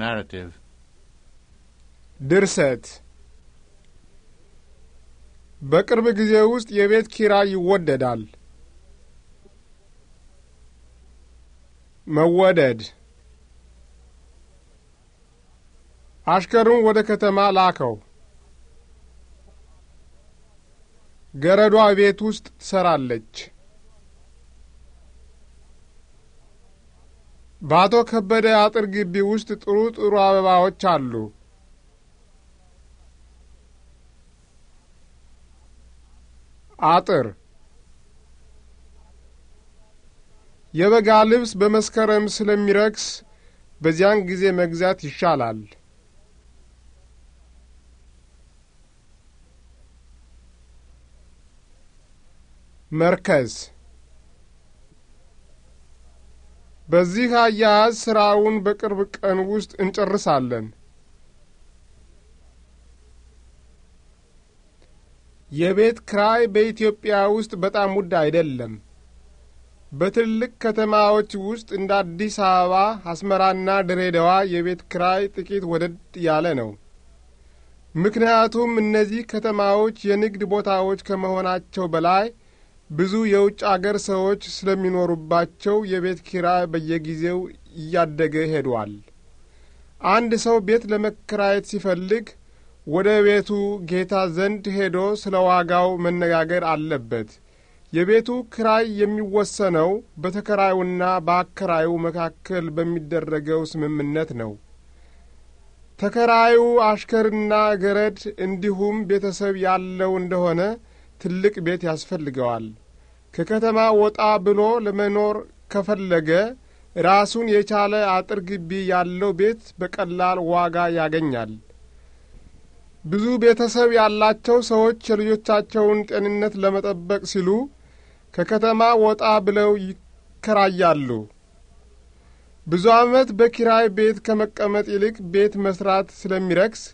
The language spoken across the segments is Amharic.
ናራቲቭ ድርሰት በቅርብ ጊዜ ውስጥ የቤት ኪራይ ይወደዳል። መወደድ አሽከሩን ወደ ከተማ ላከው። ገረዷ ቤት ውስጥ ትሰራለች። በአቶ ከበደ አጥር ግቢ ውስጥ ጥሩ ጥሩ አበባዎች አሉ። አጥር የበጋ ልብስ በመስከረም ስለሚረክስ በዚያን ጊዜ መግዛት ይሻላል። መርከዝ በዚህ አያያዝ ስራውን በቅርብ ቀን ውስጥ እንጨርሳለን። የቤት ክራይ በኢትዮጵያ ውስጥ በጣም ውድ አይደለም። በትልቅ ከተማዎች ውስጥ እንደ አዲስ አበባ፣ አስመራና ድሬዳዋ የቤት ክራይ ጥቂት ወደድ ያለ ነው። ምክንያቱም እነዚህ ከተማዎች የንግድ ቦታዎች ከመሆናቸው በላይ ብዙ የውጭ አገር ሰዎች ስለሚኖሩባቸው የቤት ኪራይ በየጊዜው እያደገ ሄዷል። አንድ ሰው ቤት ለመከራየት ሲፈልግ ወደ ቤቱ ጌታ ዘንድ ሄዶ ስለ ዋጋው መነጋገር አለበት። የቤቱ ክራይ የሚወሰነው በተከራዩና በአከራዩ መካከል በሚደረገው ስምምነት ነው። ተከራዩ አሽከርና ገረድ እንዲሁም ቤተሰብ ያለው እንደሆነ ትልቅ ቤት ያስፈልገዋል። ከከተማ ወጣ ብሎ ለመኖር ከፈለገ ራሱን የቻለ አጥር ግቢ ያለው ቤት በቀላል ዋጋ ያገኛል። ብዙ ቤተሰብ ያላቸው ሰዎች የልጆቻቸውን ጤንነት ለመጠበቅ ሲሉ ከከተማ ወጣ ብለው ይከራያሉ። ብዙ ዓመት በኪራይ ቤት ከመቀመጥ ይልቅ ቤት መስራት ስለሚረክስ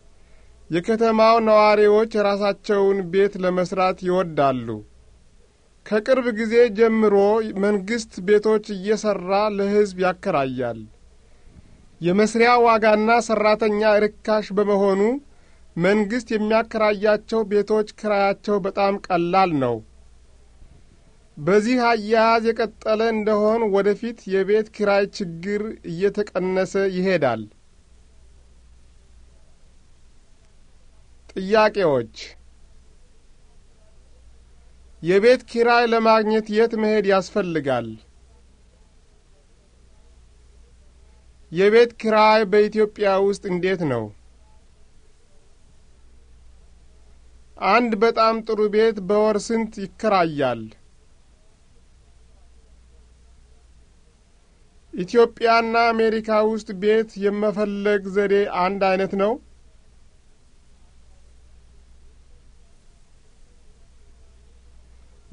የከተማው ነዋሪዎች ራሳቸውን ቤት ለመስራት ይወዳሉ። ከቅርብ ጊዜ ጀምሮ መንግሥት ቤቶች እየሠራ ለሕዝብ ያከራያል። የመስሪያ ዋጋና ሠራተኛ ርካሽ በመሆኑ መንግሥት የሚያከራያቸው ቤቶች ክራያቸው በጣም ቀላል ነው። በዚህ አያያዝ የቀጠለ እንደሆን ወደፊት የቤት ኪራይ ችግር እየተቀነሰ ይሄዳል። ጥያቄዎች የቤት ኪራይ ለማግኘት የት መሄድ ያስፈልጋል? የቤት ኪራይ በኢትዮጵያ ውስጥ እንዴት ነው? አንድ በጣም ጥሩ ቤት በወር ስንት ይከራያል? ኢትዮጵያና አሜሪካ ውስጥ ቤት የመፈለግ ዘዴ አንድ አይነት ነው?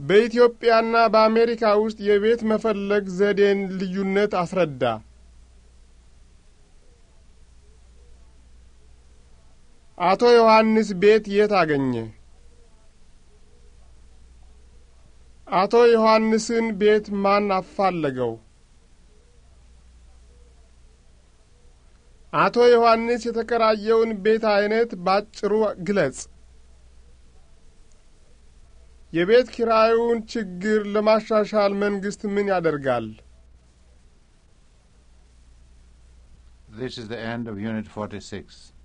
በኢትዮጵያና በአሜሪካ ውስጥ የቤት መፈለግ ዘዴን ልዩነት አስረዳ። አቶ ዮሐንስ ቤት የት አገኘ? አቶ ዮሐንስን ቤት ማን አፋለገው? አቶ ዮሐንስ የተከራየውን ቤት አይነት ባጭሩ ግለጽ። የቤት ኪራዩን ችግር ለማሻሻል መንግስት ምን ያደርጋል? This is the end of Unit 46.